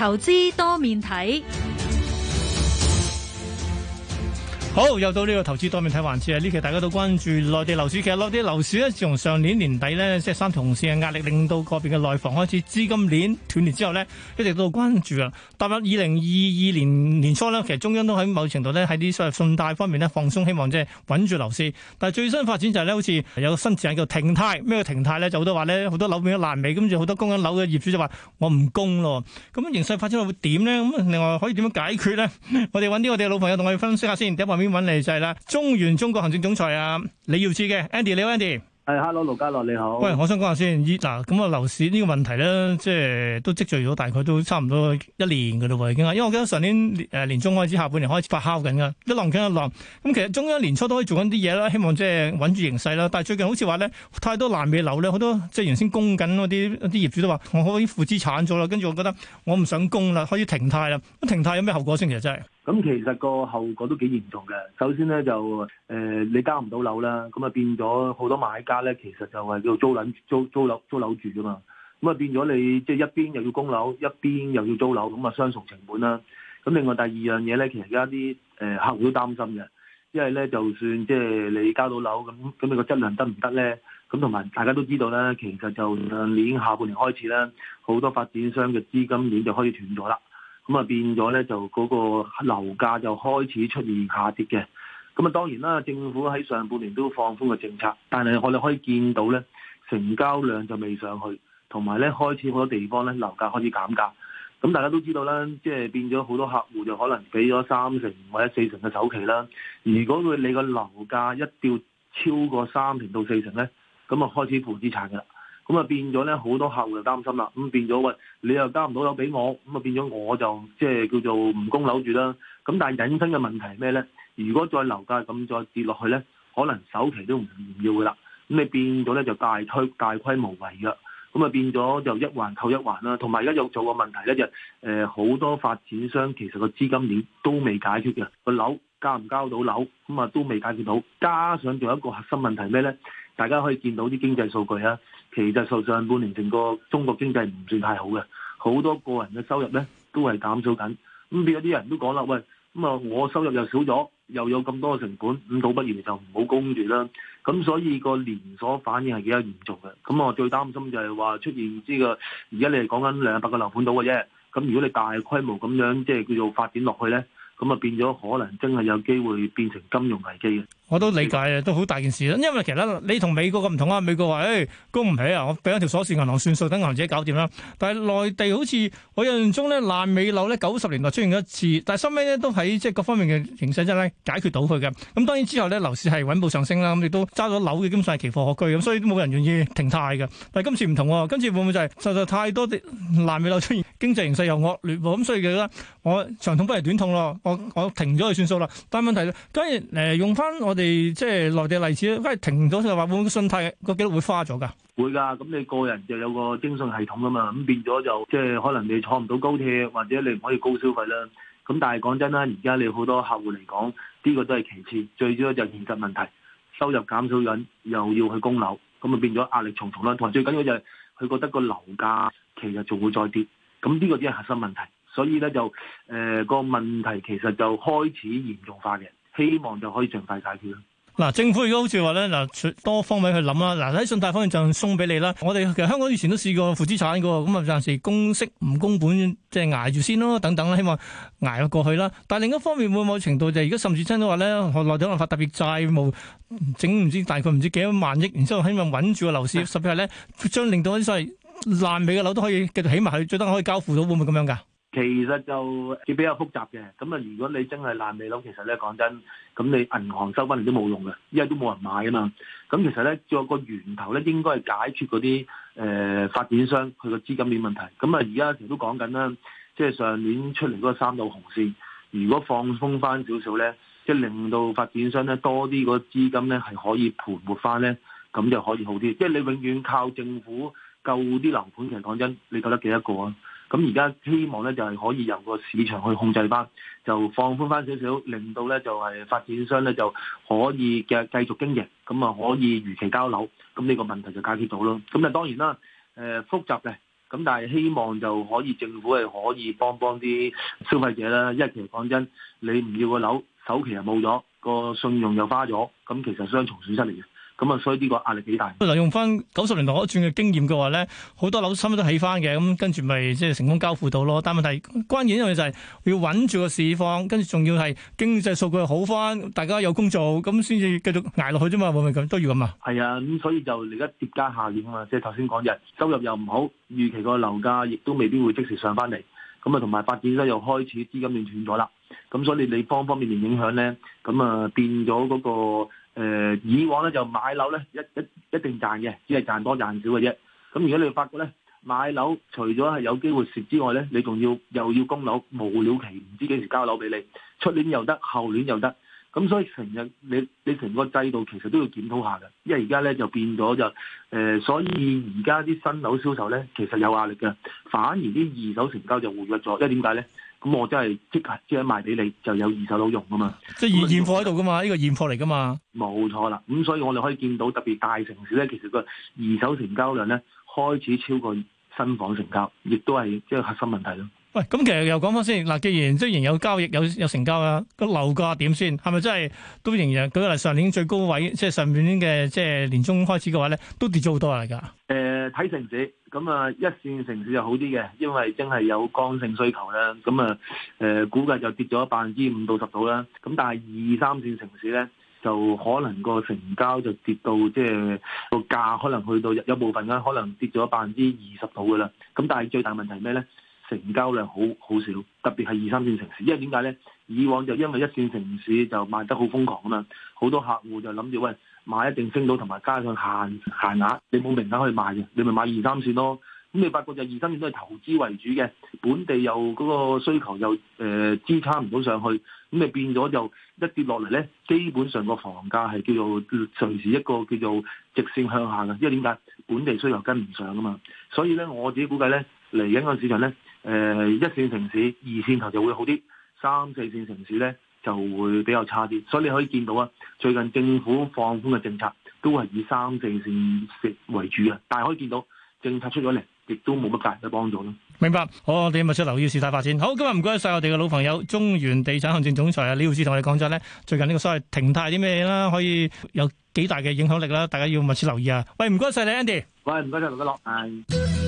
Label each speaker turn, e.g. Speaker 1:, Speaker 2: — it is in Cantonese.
Speaker 1: 投資多面睇。
Speaker 2: 好，又到呢個投資多面睇環節啊！呢期大家都關注內地樓市，其實內地樓市咧，自從上年年底咧，即係三條紅線嘅壓力，令到個別嘅內房開始資金鏈斷裂之後咧，一直都好關注啊！踏入二零二二年年初咧，其實中央都喺某程度咧，喺啲所謂信貸方面咧放鬆，希望即係穩住樓市。但係最新發展就係咧，好似有個新字眼叫停貸，咩叫停貸咧？就好多話咧，好多樓變咗爛尾，咁就好多供緊樓嘅業主就話我唔供咯。咁形勢發展會點咧？咁另外可以點樣解決咧？我哋揾啲我哋嘅老朋友同我哋分析下先，邊搵嚟就係啦，中原中國行政總裁啊李耀智嘅 Andy，你好 Andy，係
Speaker 1: Hello，盧家樂你好。喂, 喂，我
Speaker 2: 想講下先，依嗱咁啊樓市呢個問題咧，即係都積聚咗大概都差唔多一年噶啦，已經啊，因為我記得上年誒、呃、年中開始，下半年開始發酵緊噶，一浪跟一浪。咁、嗯、其實中央年初都可以做緊啲嘢啦，希望即係穩住形勢啦。但係最近好似話咧，太多爛尾樓咧，好多即係原先供緊嗰啲一啲業主都話，我可以負資產咗啦，跟住我覺得我唔想供啦，可以停貸啦。咁停貸有咩後果先？其實真係。
Speaker 1: 咁其實個後果都幾嚴重嘅。首先咧就誒、呃，你交唔到樓啦，咁啊變咗好多買家咧，其實就係叫租緊租租樓租樓住㗎嘛。咁啊變咗你即係、就是、一邊又要供樓，一邊又要租樓，咁啊雙重成本啦。咁另外第二樣嘢咧，其實而家啲誒客戶都擔心嘅，因為咧就算即係你交到樓，咁咁你個質量得唔得咧？咁同埋大家都知道咧，其實就上年下半年開始咧，好多發展商嘅資金鏈就開始斷咗啦。咁啊變咗咧，就嗰個樓價就開始出現下跌嘅。咁啊當然啦，政府喺上半年都放寬嘅政策，但係我哋可以見到咧，成交量就未上去，同埋咧開始好多地方咧樓價開始減價。咁大家都知道啦，即係變咗好多客戶就可能俾咗三成或者四成嘅首期啦。如果佢你個樓價一調超過三成到四成咧，咁啊開始負資產㗎啦。咁啊，變咗咧，好多客戶就擔心啦。咁變咗，喂，你又交唔到樓俾我，咁啊，變咗我就即係叫做唔供樓住啦。咁但係引申嘅問題係咩咧？如果再樓價咁再跌落去咧，可能首期都唔要噶啦。咁你變咗咧就大推大規模違約。咁啊變咗就一環扣一環啦。同埋而家又做個問題咧，就誒好多發展商其實個資金鏈都未解決嘅，個樓交唔交到樓咁啊都未解決到。加上仲有一個核心問題係咩咧？大家可以見到啲經濟數據啊，其實上上半年成個中國經濟唔算太好嘅，好多個人嘅收入咧都係減少緊。咁變咗啲人都講啦，喂，咁啊我收入又少咗，又有咁多嘅成本，咁倒不如就唔好供住啦。咁所以個連鎖反應係幾啊嚴重嘅。咁我最擔心就係話出現呢個，而家你係講緊兩百個樓盤度嘅啫。咁如果你大規模咁樣即係叫做發展落去咧，咁啊變咗可能真係有機會變成金融危機嘅。
Speaker 2: 我都理解啊，都好大件事啦。因為其實你同美國嘅唔同啊。美國話誒供唔起啊，我俾咗條鎖匙銀行算數，等銀行自己搞掂啦。但係內地好似我印象中咧，爛尾樓咧九十年代出現一次，但係收尾咧都喺即係各方面嘅形勢之下解決到佢嘅。咁、嗯、當然之後咧樓市係穩步上升啦，咁亦都揸咗樓嘅基本上係奇貨可居咁，所以都冇人願意停貸嘅。但係今次唔同喎、啊，今次會唔會就係、是、實在太多啲爛尾樓出現，經濟形勢又惡劣噃，咁、嗯、所以而家我長痛不如短痛咯，我我，我停咗佢算數啦。但係問題當然誒用翻我哋。即係內地例子，因停咗就話本信貸個記錄會花咗噶，
Speaker 1: 會噶。咁你個人就有個徵信系統噶嘛，咁變咗就即係可能你坐唔到高鐵，或者你唔可以高消費啦。咁但係講真啦，而家你好多客戶嚟講，呢、呢個都係其次，最主要就現實問題，收入減少緊，又要去供樓，咁啊變咗壓力重重啦。同埋最緊要就係佢覺得個樓價其實仲會再跌，咁呢個啲係核心問題，所以咧就誒個、呃、問題其實就開始嚴重化嘅。希望
Speaker 2: 就可以盡快解決啦。嗱、啊，政府而家好似話咧，嗱，多方位去諗啦。嗱、啊，喺信貸方面就鬆俾你啦。我哋其實香港以前都試過負資產嘅，咁啊暫時供息唔供本，即係捱住先咯，等等啦，希望捱咗過去啦。但係另一方面，會唔會程度就係而家甚至真都話咧，內地可能發特別債務，整唔知大概唔知幾多萬億，然之後希望穩住個樓市，實際咧將令到啲所謂爛尾嘅樓都可以繼續起埋去，最多可以交付到，會唔會咁樣㗎？
Speaker 1: 其實就比較複雜嘅，咁啊，如果你真係爛尾樓，其實咧講真，咁你銀行收翻嚟，都冇用嘅，因為都冇人買啊嘛。咁其實咧，做個源頭咧，應該係解決嗰啲誒，發展商佢個資金鏈問題。咁啊，而家其實都講緊啦，即係上年出嚟嗰三道紅線，如果放鬆翻少少咧，即係令到發展商咧多啲嗰資金咧係可以盤活翻咧，咁就可以好啲。即係你永遠靠政府救啲樓盤，其實講真，你覺得幾多個啊？咁而家希望咧就係、是、可以由個市場去控制翻，就放寬翻少少，令到咧就係、是、發展商咧就可以嘅繼續經營，咁啊可以如期交樓，咁呢個問題就解決到咯。咁啊當然啦，誒、呃、複雜嘅，咁但係希望就可以政府係可以幫幫啲消費者啦。因為其實講真，你唔要個樓，首期又冇咗。個信用又花咗，咁其實雙重損失嚟嘅，咁啊，所以呢個壓力幾大。
Speaker 2: 嗱，用翻九十年代可轉嘅經驗嘅話咧，好多樓差唔多起翻嘅，咁跟住咪即係成功交付到咯。但係問題關鍵一樣嘢就係要穩住個市況，跟住仲要係經濟數據好翻，大家有工做，咁先至繼續挨落去啫嘛。會唔會咁都要咁啊？
Speaker 1: 係啊，咁所以就而家疊加下年啊嘛，即係頭先講嘅收入又唔好，預期個樓價亦都未必會即時上翻嚟，咁啊同埋發展商又開始資金鏈斷咗啦。咁所以你方方面面影響咧，咁啊變咗嗰、那個、呃、以往咧就買樓咧一一一定賺嘅，只係賺多賺少嘅啫。咁如果你發覺咧買樓除咗係有機會蝕之外咧，你仲要又要供樓無了期，唔知幾時交樓俾你，出年又得，後年又得。咁所以成日你你成個制度其實都要檢討下嘅，因為而家咧就變咗就誒、呃，所以而家啲新樓銷售咧其實有壓力嘅，反而啲二手成交就活躍咗，因為點解咧？咁我真係即刻即刻賣俾你，就有二手佬用噶嘛？
Speaker 2: 即係現貨喺度噶嘛？呢個現貨嚟噶嘛？
Speaker 1: 冇錯啦。咁所以我哋可以見到，特別大城市咧，其實個二手成交量咧開始超過新房成交，亦都係即係核心問題咯。
Speaker 2: 喂，咁其實又講翻先嗱，既然雖然有交易有有成交啦，個樓價點先係咪真係都仍然？舉例上年最高位，即係上年嘅即係年中開始嘅話咧，都跌咗好多嚟㗎。誒。
Speaker 1: 誒，睇城市，咁啊，一線城市就好啲嘅，因為真係有剛性需求啦。咁啊，誒、呃，估計就跌咗百分之五到十度啦。咁但係二三線城市咧，就可能個成交就跌到，即係個價可能去到有部分咧，可能跌咗百分之二十度噶啦。咁但係最大問題係咩咧？成交量好好少，特別係二三線城市。因為點解咧？以往就因為一線城市就賣得好瘋狂啊嘛，好多客戶就諗住喂。買一定升到，同埋加上限、限額，你冇名額可以買嘅，你咪買二三線咯。咁你發覺就二三線都係投資為主嘅，本地又嗰個需求又誒、呃、支撐唔到上去，咁你變咗就一跌落嚟咧，基本上個房價係叫做隨時一個叫做直線向下嘅，因為點解？本地需求跟唔上啊嘛。所以咧，我自己估計咧，嚟緊個市場咧，誒、呃、一線城市、二線頭就會好啲，三四線城市咧，就會比較差啲，所以你可以見到啊，最近政府放寬嘅政策都係以三四線市為主啊，但係可以見到政策出咗嚟，亦都冇乜大嘅幫助咯。
Speaker 2: 明白，好，我哋密切留意事態發展。好，今日唔該晒，我哋嘅老朋友中原地產行政總裁啊李耀智同我哋講咗咧，最近呢個所謂停貸啲咩嘢啦，可以有幾大嘅影響力啦，大家要密切留意啊。喂，唔該晒你 Andy，
Speaker 1: 喂，唔該晒劉家樂，拜拜。